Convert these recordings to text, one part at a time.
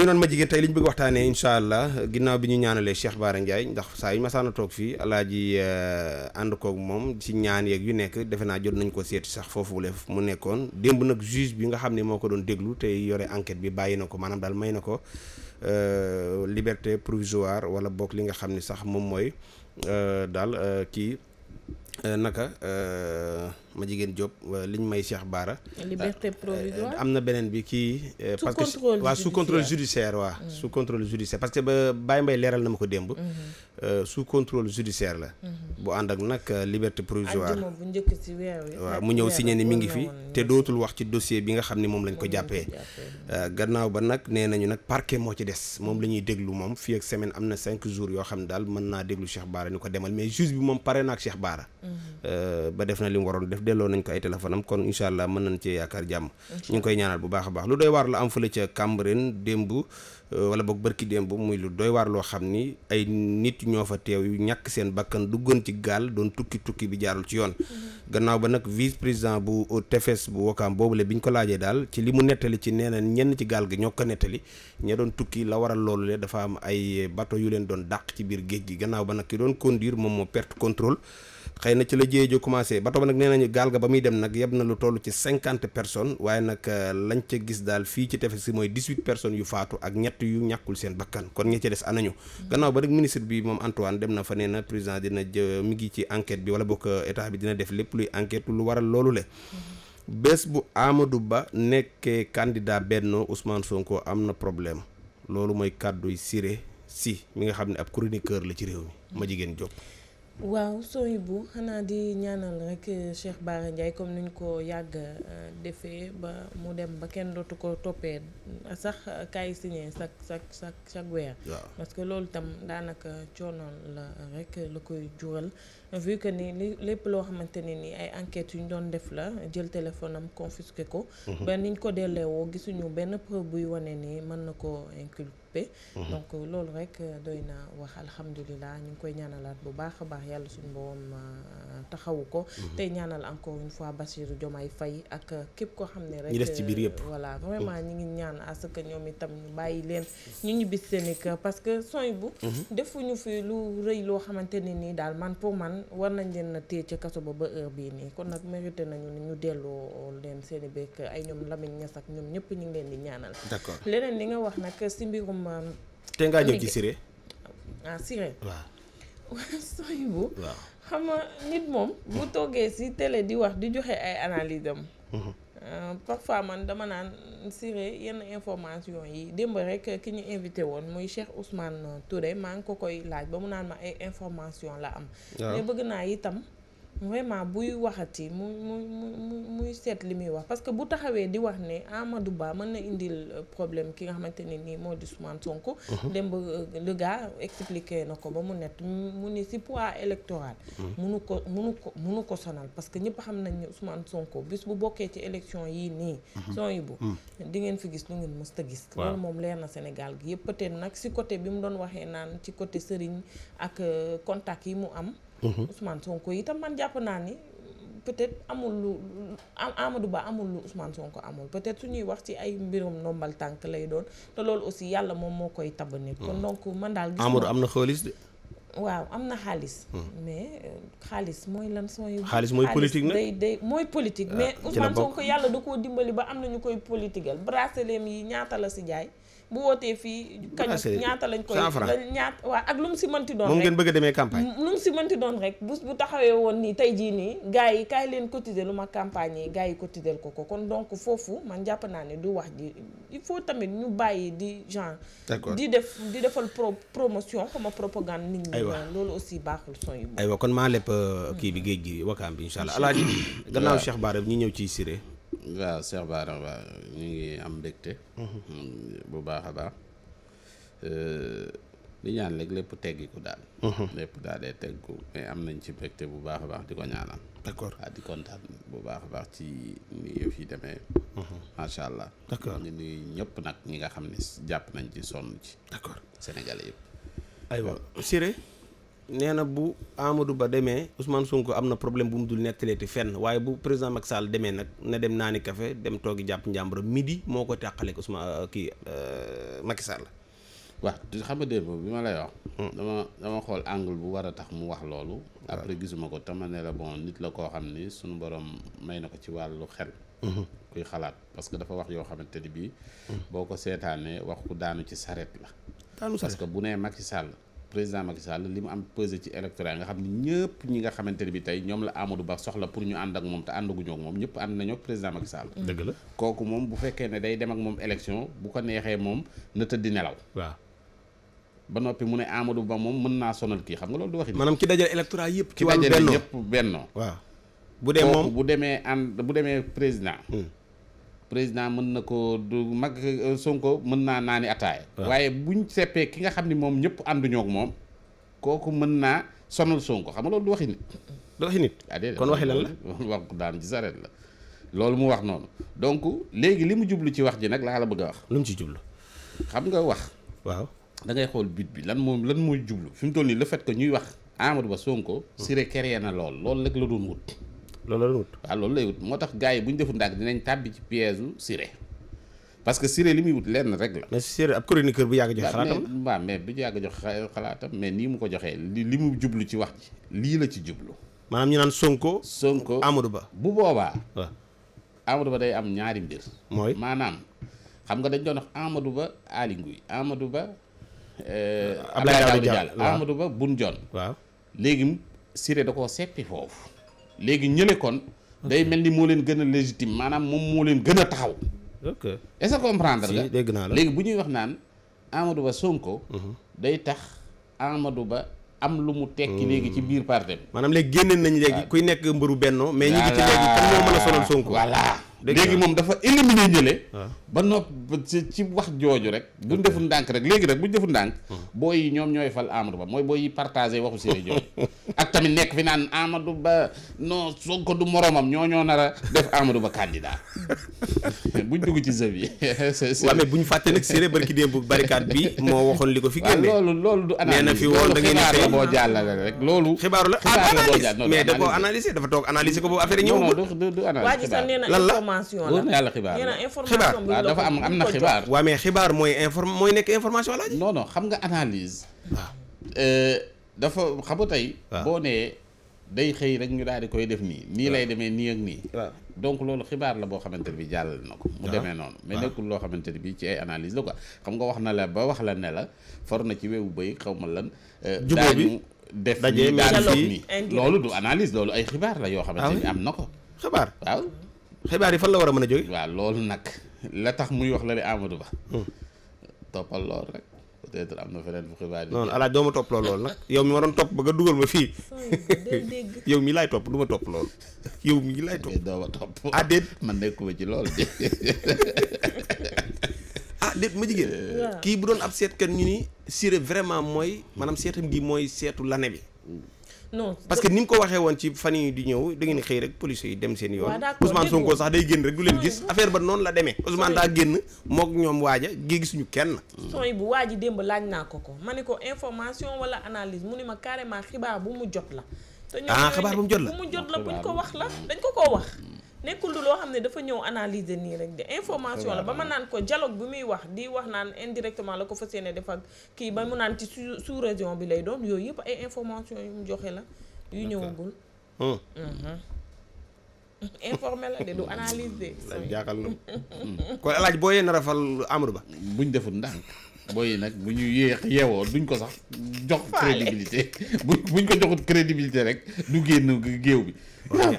mi ma jigéen tey li ñu bëgg waxtaanee incha allah ginnaaw bi ñu ñaanalee Cheikh Bara Ndiaye ndax saa yu masaana toog fii alaaji euh, ànd kook moom ci ñaan yeeg yu nekk defe naa jot nañ ko seeti sax foofu lef mu nekkoon démb nag juge bi nga xam ne moo ko doon déglu te yore enquête bi bàyyi na ko maanaam daal may na ko euh, liberté provisoire wala boog li nga xam ni sax moom mooy euh, daal kii naka. ma jigéen Diop liñ may Cheikh Bara. Ah, eh, am na beneen bi kii. Eh, parce que waa sous contrôle judiciaire waa mm. sous contrôle judiciaire parce que ba Baye Mbaye leeral na ma ko démb. Mm-hmm. Euh, sous contrôle judiciaire la. Mm-hmm. bu ànd ak nag euh, liberté provisoire. bu njëkk si weer wi mu ñëw signé ni mi ngi fi te dootul wax ci dossier bi nga xam ni moom lañ ko jàppee. Euh, gannaaw ba nag nee nañu nag parquet moo ci des moom la ñuy déglu moom fii ak semaine am na cinq jours yoo xam ne daal mën naa déglu Cheikh Bara ko demal mais juge bi moom pare na ak Cheikh mm-hmm. ba def na li mu waroon delloo nañ ko ay téléphone kon incha allah mën nañ cee yaakaar jàmm ñu ngi koy ñaanal bu baax a baax lu doy waar la am fële ca Cambérène démb euh, wala boog bërki démb muy lu doy waar loo xam ni ay nit ñoo fa teew yu ñàkk seen bakkan duggoon ci gaal doon tukki tukki bi jaarul ci yoon mhm. gannaaw ba nag vice président bu tefes bu wokkaam boobule bi ñu ko laajee daal ci li mu nettali ci nee na ñenn ci gaal gi ñoo ko nettali ña doon tukki la waral loolu le dafa am ay bateau yu leen doon dàq ci biir géej gi gannaaw ba nag ki doon conduire moom moo perte contrôle xëy na ci la jéejo commencé bato ba nag nee nañu gaal ga ba muy dem nag yeb na lu toll ci cinquante personnes waaye nag euh, lañ ca gis daal fii ci tefes si mooy dix-huit personnes yu faatu ak ñett yu ñàkkul seen bakkan kon ñi ci des anañu mm. gannaaw ba nag ministre bi moom Antoine dem na fa nee na président dina jë mi ngi ci enquête bi wala bokk euh, état bi dina def lépp luy enquête lu waral loolu le mm-hmm. bés bu Amadou Ba nekkee candidat benn Ousmane Sonko am na problème loolu mooy kàdduy Siré si mi nga xam ne ab chroniqueur la ci réew mi ma jigéen Diop waaw sooy bu xanaa di ñaanal rek euh, Cheikh Bara Ndiaye comme ni ñu ko yàgg euh, defee ba mu dem ba kenn dootu ko toppee euh, sax kaay signé chaque chaque chaque chaque weer. parce que loolu tam daanaka coonoon la rek la koy jural vu que ni li lépp loo xamante ne ni ay enquêtes yu ñu doon def la jël téléphone am confisqué ko. Mhm. ba niñ ko delleewoo gisuñu benn preuve buy wane ni mën na ko inculpé. Mhm. donc loolu rek doy na wax alhamdulilah ñu ngi koy ñanalaat bu baax a baax. yàlla suñu borom euh, taxawu ko mhm. tey ñaanal encore une fois Bassirou ay Faye ak képp ko xam ne rek ñi si ci biir yëpp euh, voilà vraiment mhm. ñi ngi ñaan à que ñoom itam ñu bàyyi leen ñu ñibbi seen i kër parce que soñ bu mhm. defu ñu fi lu rëy loo xamante ne nii daal man pour man war nañ leen na téye ca kaso ba ba heure bii nii kon nag mérité nañu ni ñu delloo leen seen i bekk ay ñoom Lamine Niass ak ñoom ñëpp ñu ngi leen di ñaanal d'accord leneen li nga wax nag si mbirum euh, te ngaa sooy xam nga nit moom bu toogee si tele di wax di joxe ay analyse am mhm. euh, parfois man dama naan siré yenn information yi démb rek ki ñu invité woon muy Cheikh Ousmane Touré maa ngi ko koy laaj ba mu naan ma ay information la am mais bëgg naa itam vraiment buy waxati mu mu mu muy seet li muy wax parce que bu taxawee di wax ne Amadou Ba mën na indil euh, problème ki nga xamante ne nii moo di Ousmane Sonko. Mhm. démb euh, le gars expliqué na ko ba mu net mu ni si poids électoral. Mhm. munu ko munu ko munu ko sonal parce que ñëpp xam nañ ne Ousmane Sonko bis bu bokkee ci élection yii nii. Mhm. son yi bu di ngeen fi gis lu ngeen mës ta gis. loolu moom leer na Sénégal gi yëpp peut-être nag si côté bi mu doon waxee naan ci côté sëriñ ak euh, contact yi mu am. Mhm. Ousmane Sonko itam man jàpp naa ni peut-être amul lu am amadu Ba amul lu Ousmane Sonko amul peut-être su ñuy wax ci ay mbirum ndombal tànk lay doon te loolu aussi yàlla moom moo koy tab nit. kon mhm. donc man daal gis Amadou am na xaalis waaw am na xaalis. Mhm. mais euh, xaalis mooy lan sooy. xaalis mooy politique nag day day mooy politique. Ah, mais Ousmane Sonko yàlla du koo dimbali ba am na ñu koy politigal bracelet yi ñaata la si jaay. bu wootee fii kañu ñaata lañ koy ñaata waaw ak lu si mënti doon moom ngeen bëgg a demee campagne lu mu si mënti doon rek bu bu taxawee woon nii tey jii nii gars yi kaay leen cotiser lu ma campagne yi gars yi cotiser ko ko kon donc foofu man jàpp naa ne du wax ji il faut tamit ñu bàyyi di genre di def di defal pro promotion xama propagande nit ñi loolu aussi baaxul son ay aywa kon maa lépp euh, kii bi géej gi wakaam bi incha allah alaaji gannaaw Cheikh Bara ñu ñëw ci Siré waaw Cheikh Bara waaw ñu ngi am mbégte. Mhm. bu baax a baax euh, di ñaan rek lépp teggiku daal. Mhm. lépp daal dee teggiku mais am nañ ci mbégte bu baax a baax di ko ñaanal. d'accord di kontaan bu baax a baax ci ni yëf yi demee. Mhm. macha allah. d'accord ñu nuyu ñëpp nag ñi nga xam ne jàpp nañ ci sonn ci. d'accord Sénégalais yëpp. aywa Siré. nee na bu Amadou Ba demee Ousmane Sonko am na problème bu mu dul nettaleeti fenn waaye bu président Macky Sall demee nag na dem naani kafe dem toogi jàpp njàmbur midi moo ko tàqaleeg Ousmane euh, kii euh, Macky Sall. waaw xam nga démb bi ma lay wax. Hmm. dama dama xool angle bu war a tax mu wax loolu. après gisuma ko tama ne la bon la koo xam ni sunu borom may na ko ci wàllu xel. Hmm. xalaat parce que dafa wax yoo xamante ni bii. Hmm. boo ko seetaanee wax ku daanu ci saret la. daanu saret que bu nee Macky la président Macky Sall li mu am pesé ci électorat nga xam ni ñëpp ñi nga xamante ne bi tey ñoom la Amadou Ba soxla pour ñu ànd ak moom te àndaguñoo ak moom ñëpp ànd nañoo ak président Macky Sall. dëgg la kooku moom bu fekkee ne day dem ak moom élection bu ko neexee moom na tëddi nelaw. waaw ba noppi mu ne Amadou Ba moom mën naa sonal kii xam nga loolu du waxi. maanaam ki dajale électorat yëpp. ci wàllu bennoo ki dajale yëpp bennoo. bu dee moom bu demee ànd bu demee président. Hmm. président mën na ko du mag euh, Sonko mën naa naani ataaya ah. waaye buñ seppee ki nga xam ni moom ñëpp ànduñoo ak moom kooku mën naa sonal Sonko xam nga loolu du waxi ah, kon waxi lan la wax daan ci sareet la loolu mu wax noonu donc léegi li mu jublu ci wax ji nag laa la bëgg a wax lu mu ci jublu xam nga wax waaw da ngay xool but bi lan moom lan mooy jublu fi mu toll nii le fait que ñuy wax Amadou Ba Sonko siré kere na lool loolu rek la doon wut loolu la wut lay wut moo tax gars yi bu ñu defu ndànk dinañ tàbbi ci piège u Siré parce que Siré li muy wut lenn rek la. mais Siré ab chroniqueur bu yàgg joxe xalaatam la waaw mais bu yàgg joxe xalaatam mais nii mu ko joxee li li mu jublu ci wax ji lii la ci jublu. maanaam ñu naan Sonko. Sonko Amadou Ba bu boobaa. waaw Ba day am ñaari mbir. mooy maanaam xam nga dañ doon wax Ba Aly Ngouille Ba. Abdoulaye euh, Daouda Diallo Ba Boun Dionne. waaw léegi sire da ko seppi foofu. léegi ñële kon day mel ni moo leen gën a légitime maanaam moom moo leen gën a taxaw ok est dégg naa léegi bu ñuy wax naan Amadou Ba Sonko mhm. day tax Amadou Ba am lu mu tekki léegi ci mm. biir parti bi maanaam léegi génneen nañu léegi kuy nekk mbëru bennoo mais ñi ngi ci léegi kan moo mën a sonal Sonko léegi moom dafa éliminer ñële ah. ba nopp ci wax jooju rek buñ deful ndànk rek léegi rek bu deful ndànk hmm. booy yi ñoom ñooy fal Amadou Ba mooy booy yi partagé waxu série jooju tamit nekk fi naan Amadou Ba non Sonko du moromam ñoo ñoo nar a def Amadou Ba candidat buñ dugg ci sëb yi waaw mais buñ fàtte nag série barki démb barricade bi moo waxoon li ko fi génne loolu loolu du analyse nee da ngeen ah, xibaar la boo loolu xibaaru la xibaar la boo jàll mais da ko analyser dafa toog analyser ko boobu affaire ñëw du du analyse lan la information la na yàlla xibaar xibaar dafa am am na xibaar. waaw mais xibaar mooy inform mooy nekk information laaj. non xam nga analyse. waaw euh, dafa xamu tey. boo nee day xëy rek ñu daal di koy def nii. nii lay demee nii ak nii. donc loolu xibaar la boo xamante ne bii jàllale na ko. mu demee noonu mais loo xamante ne bii ci ay analyse xam nga wax na la ba wax la ne la for na ci wewu bëy xaw ma lan. Euh, bi def nii loolu du analyse loolu ay xibaar la yoo xamante ah am na ko xibaar waaw xibaar yi fan la war a mën a jóge waaw loolu nag la tax muy wax la di Amadou Ba hmm. toppal lool rek peut-être am na alaaj doo topp lool loolu nag yow mi ma doon topp ba nga dugal ma fii yow mi laay topp du ma topp lool yow mi laay topp doo ma topp ah déet man nekkuma ci lool ah déet ma jigéen kii bu doon ab seetkat ñu ni siré vraiment mooy maanaam seetam gi mooy seetu lane bi hmm. non parce que ni mu ko waxee woon ci fan yi di ñëw da ngeen xëy rek police yi dem seen yoon Ousmane Sonko sax day génn rek du leen gis affaire ba noon la demee Ousmane daa génn mook ñoom waaja gi gisuñu kenn son yi bu waaji démb laaj naa ko ko ma ne ko information wala analyse mu ne ma carrément xibaar bu mu jot la ah xibaar bu mu jot la bu mu jot la buñ ko wax la dañ ko koo wax nekkul loo xam ne dafa ñëw analyser nii rek de information la ba ma naan ko jaloog bi muy wax di wax naan indirectement la ko fa yéene def kii ba mu naan ci sous région bi lay doon yooyu yëpp ay information yu mu joxe la yu ñëwagul mm-hmm. informe la de du analyser jaaxal na kon alaaj boo yee rafal a fal Ba buñ deful ndànk booy nag bu ñu yéex yeewoo duñ ko sax jox crédibilité bu buñ ko joxut crédibilité rek du génn géew bi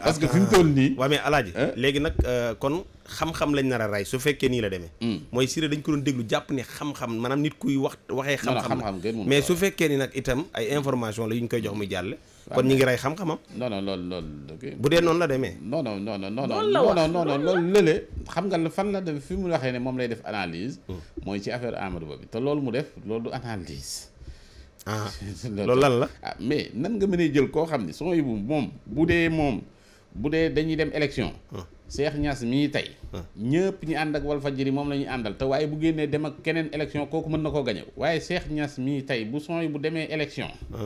parce que fi mu toll nii waa mais alaaji léegi nag euh, kon xam-xam lañ nar a rey su fekkee nii la demee hmm. mooy Siré dañ ko doon déglu jàpp ni xam-xam maanaam nit kuy wax waxee xam-xam mais su fekkee nii nag itam ay information la yu ñu koy jox muy jàll kon ñu ngi rey xam-xamam. non non loolu bu dee noonu la demee. non non non non non non non loolu lële xam nga fan la de fi mu waxee ne moom lay def analyse. Mm. mooy ci affaire Amadou Ba bi te loolu mu def loolu du analyse. ah loolu lan la. Ah, mais nan nga mënee jël koo xam ne soo yóbbu moom bu dee moom. bu dee dañuy dem élection. Ah. Cheikh ñas mii tey. Ah. ñëpp ñi ànd ak Walfadjri moom la àndal te waaye bu génnee dem ak keneen élection kooku mën na koo gañe waaye Cheikh Niass mii tey bu son yi bu demee élection. Ah.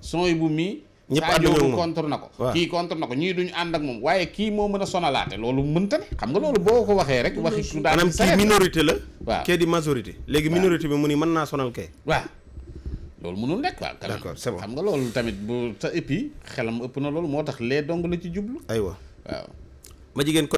son yi bu mii. ñëpp ànd nañu contre na ko. kii contre na ko ñii duñu ànd ak moom waaye kii moo mën a sonalaate loolu mën ne xam nga loolu boo ko waxee rek. waxi ku daanam maanaam kii minorité la. waa kee di majorité. léegi minorité bi mu ni mën naa sonal kay. waaw. loolu mënul nekk quoi. d'accord c'est xam nga loolu tamit bu te et puis xelam ëpp na loolu moo tax lee dong la ci jublu. ay waaw ma jigéen ko